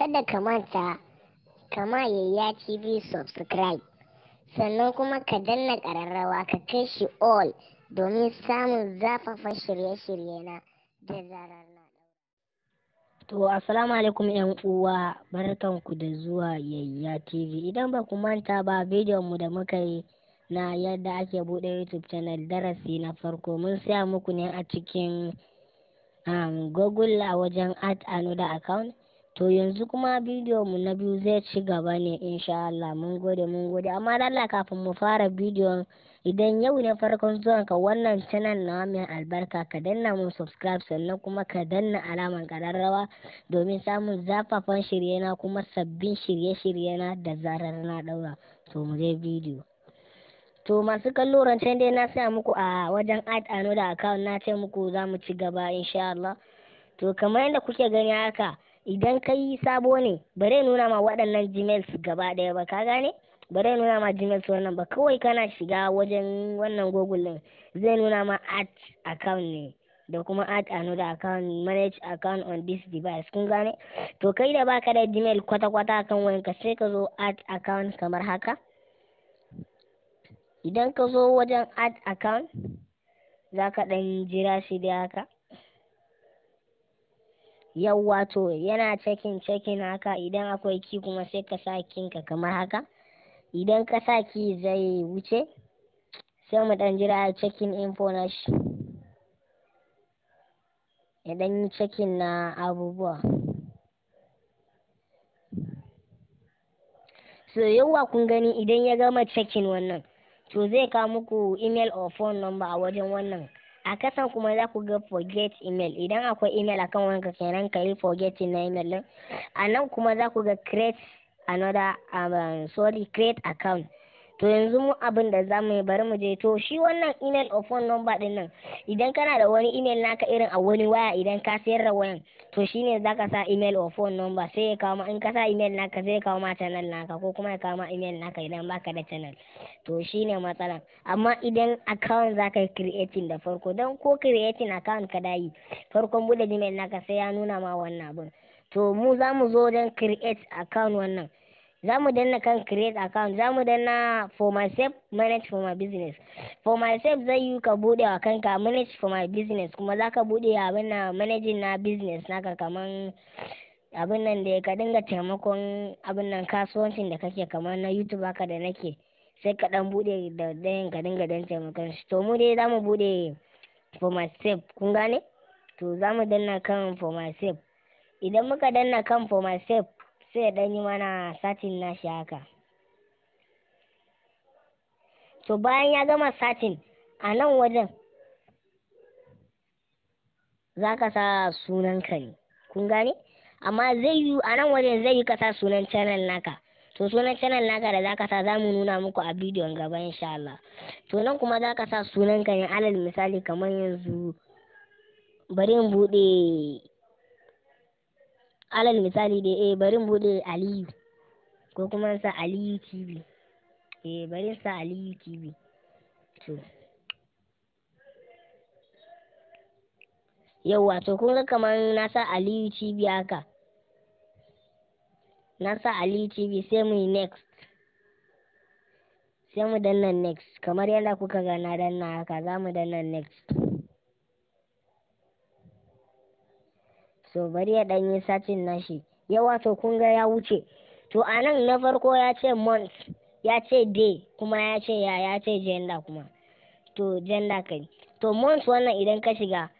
kada ka manta kama yayya tv subscribe sannan kuma ka danna kararrawa ka kai shi all domin samun zafafa shirye-shirye na da zarar na To assalamu alaikum yan uwa ku da zuwa yayya tv idan ba ku manta ba bidiyon mu da muka yi na yadda ake buɗe youtube channel darasi na farko mun siya muku ne a cikin um, google a wajen add da account to yanzu kuma bidiyo mu na biyu zai ci gaba ne insha Allah mun gode mun gode amma Allah kafin mu fara bidiyon idan yau ne farkon zuwan ka wannan channel na mai albarka ka danna mun subscribe sannan kuma ka danna alaman kararrawa domin samun zafafan shirye na kuma sabbin shirye-shirye na da zarar na daura to mu je bidiyo to masu kallo rancen dai na saya muku a wajen add ano account na ce muku za mu ci gaba insha Allah to kamar yadda kuke gani haka idan yi sabo ne bare nuna ma waɗannan gmails gaba ɗaya ba ka gane bare nuna ma gmails wannan ba kawai kana shiga wajen wannan google din zai nuna ma at account ne da kuma at another account manage account on this device kun gane to kai da baka da gmail kwata-kwata kan ka sai ka zo at account kamar haka idan ka zo wajen at account za ka ɗan jira shi da haka yawwa to yana cekin cekin haka idan akwai ki kuma sai ka sa kinka kamar haka idan ka sa ki zai wuce sai mu dan jira cekin info na shi idan yi cekin na abubuwa so yawwa kun gani idan ya gama cekin wannan to zai kawo muku email or phone number a wajen wannan a kasan kuma za ku ga forget email idan akwai email akan wanka kenan ka yi forgetting na email din a nan kuma za ku ga create another um, sorry create account to yanzu mu abin da za mu yi bari mu je to shi wannan email of phone number din nan idan kana da wani email naka irin a wani waya idan ka sayar da wayan to shine za ka sa email of phone number sai ya kawo ma in ka sa email naka sai ya kawo ma channel naka ko kuma ya kawo ma email naka idan baka da channel to shine matsala amma idan account za ka yi creating da farko don ko creating account ka dayi farkon bude email naka sai ya nuna ma wannan abin to mu za mu zo don create account wannan za mu danna kan create account za mu danna for myself manage for my business for myself zai yi ka bude wa kanka manage for my business kuma za ka bude abin na managing na business naka kaman abin nan da ka dinga taimakon abin nan kasuwancin da kake kamar na youtube haka da nake sai ka dan bude da dayan ka dinga dan taimakon shi to mu dai za mu bude for myself kun gane to za mu danna kan for myself idan muka danna kan for myself sai ya ɗan mana satin nashi haka to bayan ya gama satin a nan wajen za ka sa sunanka ne kun gane amma zai yi a nan wajen zai yi ka sa sunan channel naka to sunan channel naka da za ka sa za mu nuna muku a bidiyon gaba insha Allah to nan kuma za ka sa sunanka ne alal misali kamar yanzu bari in buɗe alal misali da eh bari mu bude aliyu ko kuma sa aliyu tv eh bari sa aliyu tv to yawa to kun ga kamar na sa aliyu tv haka na sa aliyu tv sai mu next sai mu danna next kamar yadda kuka ga na danna haka za mu danna next so bari ya ɗanyi satin nashi yawa to kun ga ya wuce to a nan na farko ya ce month ya ce day kuma ya ce ya ya ce gender kuma to gender kai to month wannan idan ka shiga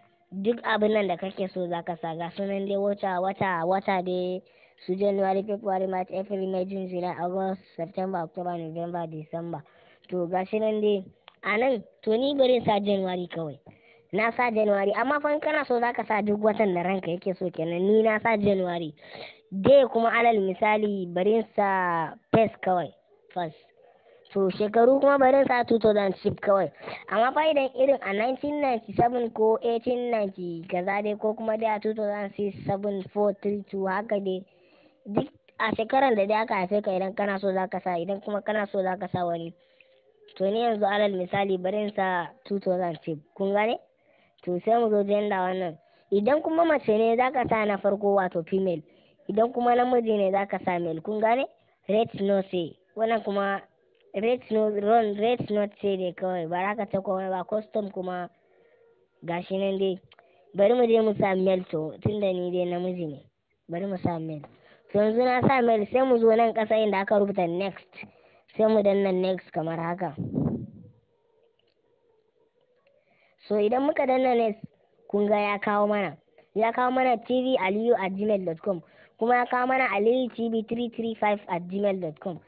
duk abin nan da kake so za sa saga sunan dai wata wata wata dai su january february march april may june july august september october november december to ga shi nan dai a nan to ni bari sa january kawai na sa januwari amma fa kana so zaka sa duk watan da ranka yake so kenan ni na sa januwari de kuma alal misali barin sa first kawai first to shekaru kuma barin sa 2006 kawai amma fa idan irin a 1997 ko 1890 kaza dai ko kuma dai a 2006 7 4 3 2 haka dai duk a shekarar da dai aka haife ka idan kana so zaka sa idan kuma kana so zaka sa wani to ni yanzu alal misali barin sa 2006 kun gane to sai mu zo gender wannan idan kuma mace ne zaka sa na farko wato female idan kuma namiji ne zaka sa male kun gane rate no say wannan kuma rate no run rate not say dai kawai ba za ka ta kawai ba custom kuma gashi nan dai bari mu je mu sa male to tunda ni dai namiji ne bari mu sa male to yanzu na sa male sai mu zo nan kasa inda aka rubuta next sai mu danna next kamar haka so idan muka danna ne kun ga ya kawo mana ya kawo mana tv aliyu at gmail.com kuma ya kawo mana aliyu tv 335 at gmail.com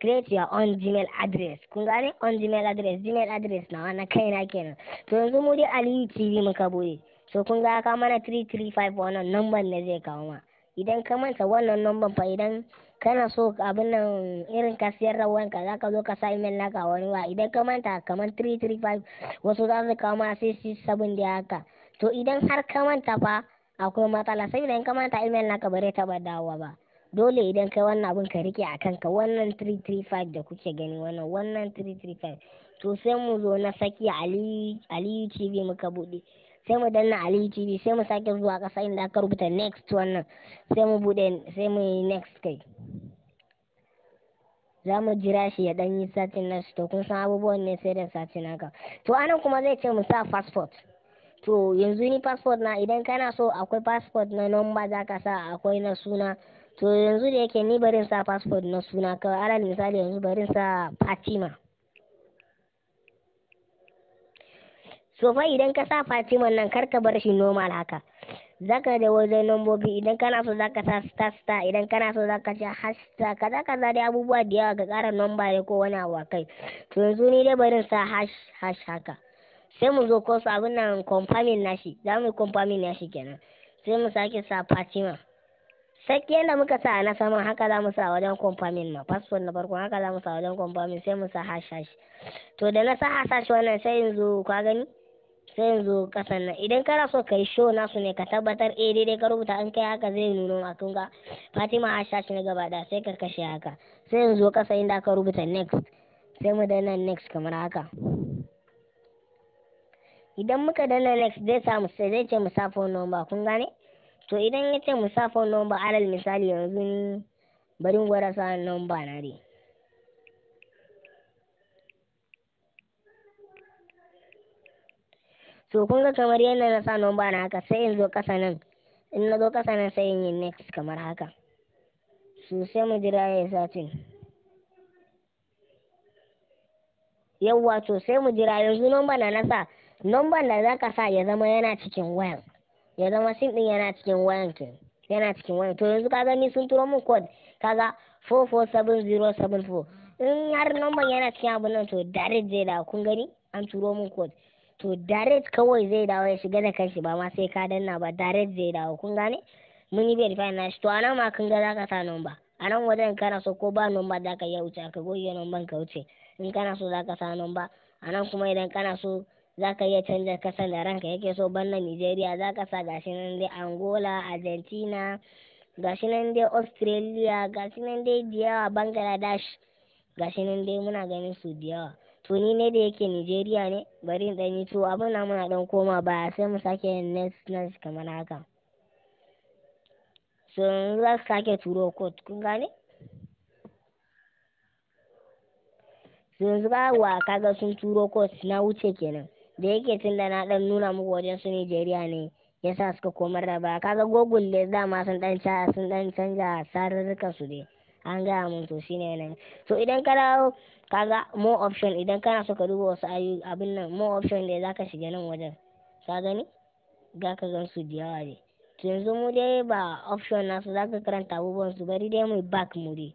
create your own gmail address kun ne on gmail address gmail address na kai na kenan to yanzu mu dai aliyu tv muka bude so kun ga ya kawo mana 335 wannan number ne zai kawo mana idan ka manta wannan number fa idan kana so abin nan irin ka siyar da wanka za ka zo ka sa email ka wani wa idan ka manta kamar 335 wasu za su kawo ma su da haka to idan har ka manta fa akwai matsala sai idan ka manta email naka bare taɓa dawowa ba dole idan kai wannan abin ka rike a kanka wannan 335 da kuke gani wannan wannan 335 to sai mu zo na saki aliyu tv muka buɗe sai mu danna ali TV sai mu sake zuwa kasa inda aka rubuta next wannan sai mu bude sai mu yi next kai za mu jira shi ya ɗan yi satin na to kun san abubuwan ne sai da satin haka to anan kuma zai ce mu sa passport to yanzu ni passport na idan kana so akwai passport na nomba za ka sa akwai na suna to yanzu da yake ni barin sa passport na suna kawai alal misali yanzu barin sa fatima so fa idan ka sa fatiman nan karka bar shi normal haka zaka da wajen lambobi idan kana so zaka sa star star idan kana so zaka ci hashtag kaza kaza dai abubuwa da yawa ga ƙara nomba ne ko wani abu kai to yanzu ni dai barin sa hash hash haka sai mu zo ko su abin nan confirming nashi za mu confirming nashi kenan sai mu sake sa fatima saki yadda muka sa na saman haka za mu sa wajen confirming ma fasfon na farko haka za mu sa wajen confirming sai mu sa hash hash to da na sa hash hash wannan sai yanzu ka gani sai zo kasan nan idan kana so kai show nasu ne ka tabbatar eh daidai ka rubuta an kai haka zai nuno a kun ga Fatima a shashi na gaba da sai ka kashe haka sai yanzu kasa inda aka rubuta next sai mu danna next kamar haka idan muka danna next zai samu sai zai ce mu sa phone number kun gane to idan ya ce mu sa phone number alal misali yanzu ni bari gwada sa number na dai so kun ga kamar yadda na sa nomba na haka sai in zo kasa nan in na zo kasa nan sai in yi next kamar haka so sai mu jira ya yi satin yawwa to sai mu jira yanzu nomba na nasa nomba da za ka sa ya zama yana cikin wayan ya zama sin din yana cikin wayan ke yana cikin wayan to yanzu kaga ni sun turo min code kaga 447074 in har nomba yana cikin abin nan to direct zai da kun gani an turo min code to direct kawai zai dawo ya shiga da kanshi ba ma sai ka danna ba direct zai dawo kun gane mun yi verify na shi to anan ma kun ga za ka sa number a nan wajen kana so ko ba number ka iya wuce ka goge number ka wuce in kana so za ka sa number a nan kuma idan kana so ka iya canza kasar da ranka yake so na Nigeria zaka sa gashi nan dai Angola Argentina gashi nan dai Australia gashi nan dai diyawa Bangladesh gashi nan dai muna ganin su diyawa. tuni ne da yake nigeria ne bari in ɗan yi to abin na muna ɗan koma baya sai mu sake yin next next kamar haka so za su sake turo kot kun gane so yanzu ba wa kaga sun turo kot na wuce kenan da yake tun da na ɗan nuna muku wajen su nigeria ne yasa suka komar da baya kaga google da dama sun ɗan sun ɗan canja sararruka su dai an gaya mun to shine yanayin so idan ka dawo kaga more option idan kana so ka duba wasu ayu abin nan more option da zaka shiga nan wajen ka gani ga ka gan su da yawa ne to yanzu mu dai ba option na su zaka karanta abubuwan su bari dai mu back mu dai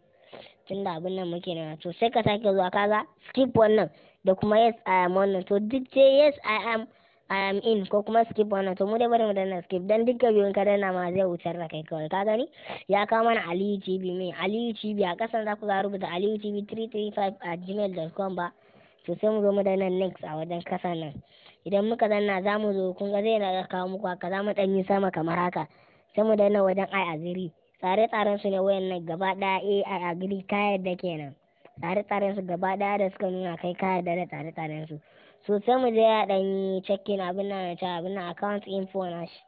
tunda abin nan muke nan to sai ka sake zuwa kaga skip wannan da kuma yes i am wannan to duk dai yes i am I am in ko kuma skip wannan to mu dai bari mu danna skip dan dukkan biyun ka danna ma zai wucar da kai kawai ka gani ya kawo mana Aliyu TV mai Aliyu TV a kasan za ku ga rubuta Aliyu TV 335 a gmail.com ba to sai mu zo mu danna next a wajen kasan nan idan muka danna za mu zo kun ga zai na kawo muku haka za mu dan yi sama kamar haka sai mu danna wajen ai aziri tsare-tsaren su ne wayannan gaba daya ai agiri ka da kenan tsare-tsaren su gaba daya da suka nuna kai kayar da tsare-tsaren su so sai mu je ya ɗanyi checking abin nan ta abin nan account info na shi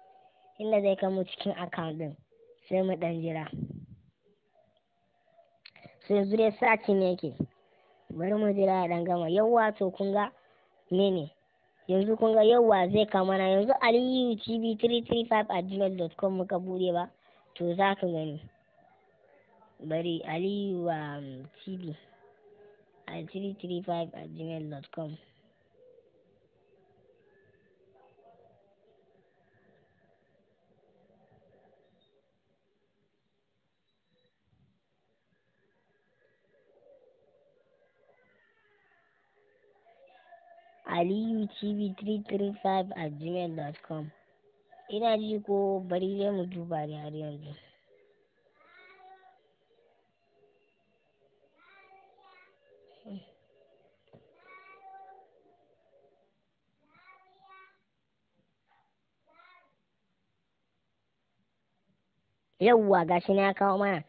inda zai kamo cikin account ɗin sai mu ɗan jira so yanzu dai sati ne yake bari mu jira ya ɗan gama yawwa to kun ga mene yanzu kun ga yawwa zai kama na yanzu aliyu tv 335 at gmail.com muka bude ba to za ka gani bari aliyu um, tv at 335 at gmail.com aliyutv335 a gmail.com ina ji ko bari ne mu duba ne har yanzu yauwa gashi na kawo mana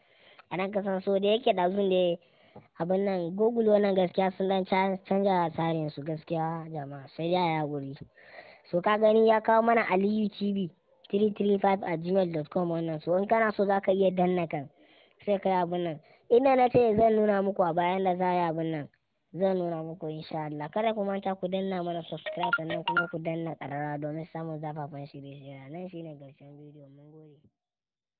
a nan kasan so da yake ɗazun da abin nan google wannan gaskiya sun dan canja tsarin su gaskiya jama'a sai ya ya guri so ka gani ya kawo mana aliyu tv 335 a gmail.com wannan so in kana so zaka iya danna kan sai ka yi abin nan ina na ce zan nuna muku a bayan da za yi abin nan zan nuna muku insha Allah kada ku manta ku danna mana subscribe sannan kuma ku danna karara domin samun zafafan shirye-shirye nan shine ƙarshen bidiyo mun gode